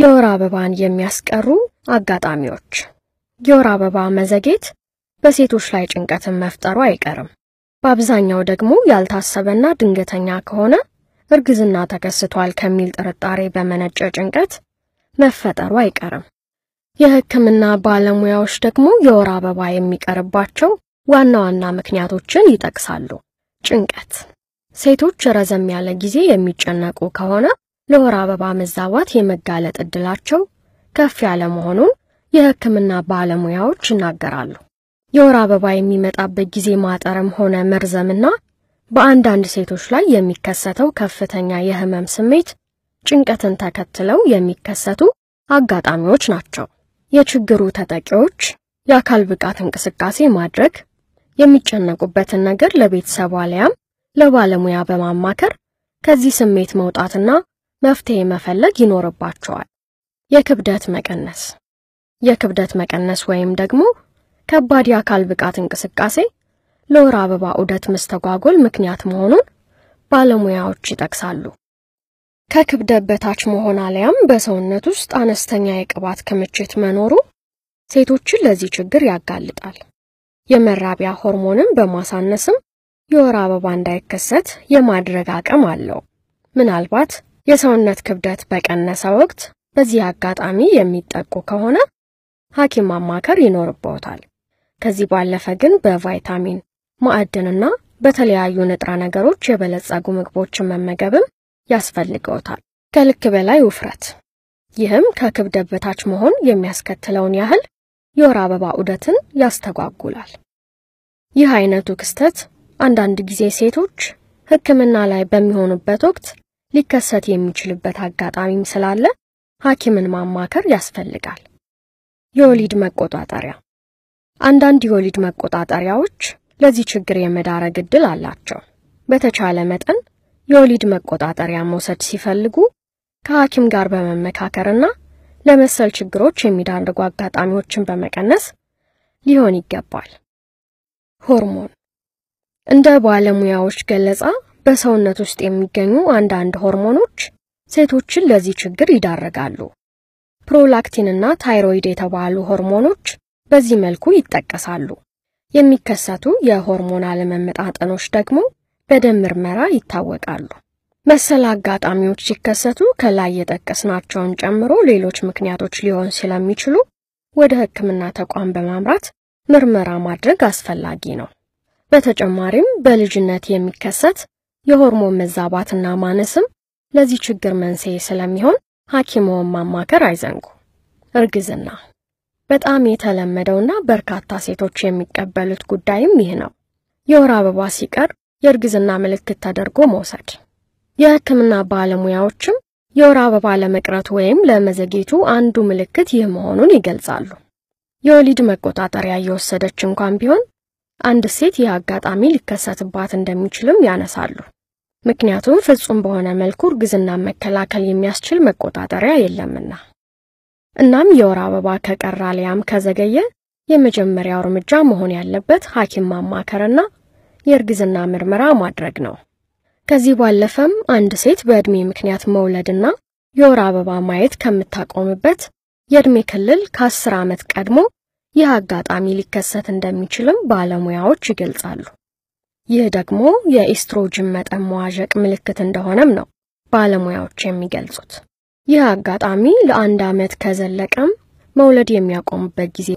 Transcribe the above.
የወር አበባን የሚያስቀሩ አጋጣሚዎች። የወር አበባ መዘጌት በሴቶች ላይ ጭንቀትን መፍጠሩ አይቀርም። በአብዛኛው ደግሞ ያልታሰበና ድንገተኛ ከሆነ እርግዝና ተከስቷል ከሚል ጥርጣሬ በመነጨ ጭንቀት መፈጠሩ አይቀርም። የሕክምና ባለሙያዎች ደግሞ የወር አበባ የሚቀርባቸው ዋና ዋና ምክንያቶችን ይጠቅሳሉ። ጭንቀት፣ ሴቶች ረዘም ያለ ጊዜ የሚጨነቁ ከሆነ ለወር አበባ መዛባት የመጋለጥ እድላቸው ከፍ ያለ መሆኑን የሕክምና ባለሙያዎች ይናገራሉ። የወር አበባ የሚመጣበት ጊዜ ማጠርም ሆነ መርዘምና በአንዳንድ ሴቶች ላይ የሚከሰተው ከፍተኛ የህመም ስሜት ጭንቀትን ተከትለው የሚከሰቱ አጋጣሚዎች ናቸው። የችግሩ ተጠቂዎች የአካል ብቃት እንቅስቃሴ ማድረግ፣ የሚጨነቁበትን ነገር ለቤተሰብ አሊያም ለባለሙያ በማማከር ከዚህ ስሜት መውጣትና መፍትሄ መፈለግ ይኖርባቸዋል። የክብደት መቀነስ የክብደት መቀነስ ወይም ደግሞ ከባድ የአካል ብቃት እንቅስቃሴ ለወር አበባ ዑደት መስተጓጎል ምክንያት መሆኑን ባለሙያዎች ይጠቅሳሉ። ከክብደት በታች መሆን አሊያም በሰውነት ውስጥ አነስተኛ የቅባት ክምችት መኖሩ ሴቶችን ለዚህ ችግር ያጋልጣል። የመራቢያ ሆርሞንን በማሳነስም የወር አበባ እንዳይከሰት የማድረግ አቅም አለው። ምናልባት የሰውነት ክብደት በቀነሰ ወቅት በዚህ አጋጣሚ የሚጠቁ ከሆነ ሐኪም ማማከር ይኖርብዎታል። ከዚህ ባለፈ ግን በቫይታሚን ማዕድንና በተለያዩ ንጥረ ነገሮች የበለጸጉ ምግቦችን መመገብም ያስፈልገውታል። ከልክ በላይ ውፍረት፣ ይህም ከክብደት በታች መሆን የሚያስከትለውን ያህል የወር አበባ ዑደትን ያስተጓጉላል። ይህ አይነቱ ክስተት አንዳንድ ጊዜ ሴቶች ሕክምና ላይ በሚሆኑበት ወቅት ሊከሰት የሚችልበት አጋጣሚም ስላለ ሐኪምን ማማከር ያስፈልጋል። የወሊድ መቆጣጠሪያ አንዳንድ የወሊድ መቆጣጠሪያዎች ለዚህ ችግር የመዳረግ ዕድል አላቸው። በተቻለ መጠን የወሊድ መቆጣጠሪያ መውሰድ ሲፈልጉ ከሐኪም ጋር በመመካከርና ለመሰል ችግሮች የሚዳርጉ አጋጣሚዎችን በመቀነስ ሊሆን ይገባል። ሆርሞን እንደ ባለሙያዎች ገለጻ በሰውነት ውስጥ የሚገኙ አንዳንድ ሆርሞኖች ሴቶችን ለዚህ ችግር ይዳርጋሉ። ፕሮላክቲንና ታይሮይድ የተባሉ ሆርሞኖች በዚህ መልኩ ይጠቀሳሉ። የሚከሰቱ የሆርሞን አለመመጣጠኖች ደግሞ በደም ምርመራ ይታወቃሉ። መሰል አጋጣሚዎች ሲከሰቱ ከላይ የጠቀስናቸውን ጨምሮ ሌሎች ምክንያቶች ሊሆን ስለሚችሉ ወደ ሕክምና ተቋም በማምራት ምርመራ ማድረግ አስፈላጊ ነው። በተጨማሪም በልጅነት የሚከሰት የሆርሞን መዛባትና ማነስም ለዚህ ችግር መንስኤ ስለሚሆን ሐኪምዎን ማማከር አይዘንጉ። እርግዝና በጣም የተለመደውና በርካታ ሴቶች የሚቀበሉት ጉዳይም ይህ ነው። የወር አበባ ሲቀር የእርግዝና ምልክት ተደርጎ መውሰድ። የሕክምና ባለሙያዎችም የወር አበባ ለመቅረቱ ወይም ለመዘጌቱ አንዱ ምልክት ይህ መሆኑን ይገልጻሉ። የወሊድ መቆጣጠሪያ እየወሰደች እንኳን ቢሆን አንድ ሴት ይህ አጋጣሚ ሊከሰትባት እንደሚችልም ያነሳሉ። ምክንያቱም ፍጹም በሆነ መልኩ እርግዝናን መከላከል የሚያስችል መቆጣጠሪያ የለምና። እናም የወር አበባ ከቀረ አሊያም ከዘገየ የመጀመሪያው እርምጃ መሆን ያለበት ሐኪም ማማከርና የእርግዝና ምርመራ ማድረግ ነው። ከዚህ ባለፈም አንድ ሴት በዕድሜ ምክንያት መውለድና የወር አበባ ማየት ከምታቆምበት የዕድሜ ክልል ከአስር ዓመት ቀድሞ ይህ አጋጣሚ ሊከሰት እንደሚችልም ባለሙያዎች ይገልጻሉ። ይህ ደግሞ የኢስትሮጅን መጠን መዋዠቅ ምልክት እንደሆነም ነው ባለሙያዎች የሚገልጹት። ይህ አጋጣሚ ለአንድ ዓመት ከዘለቀም መውለድ የሚያቆምበት ጊዜ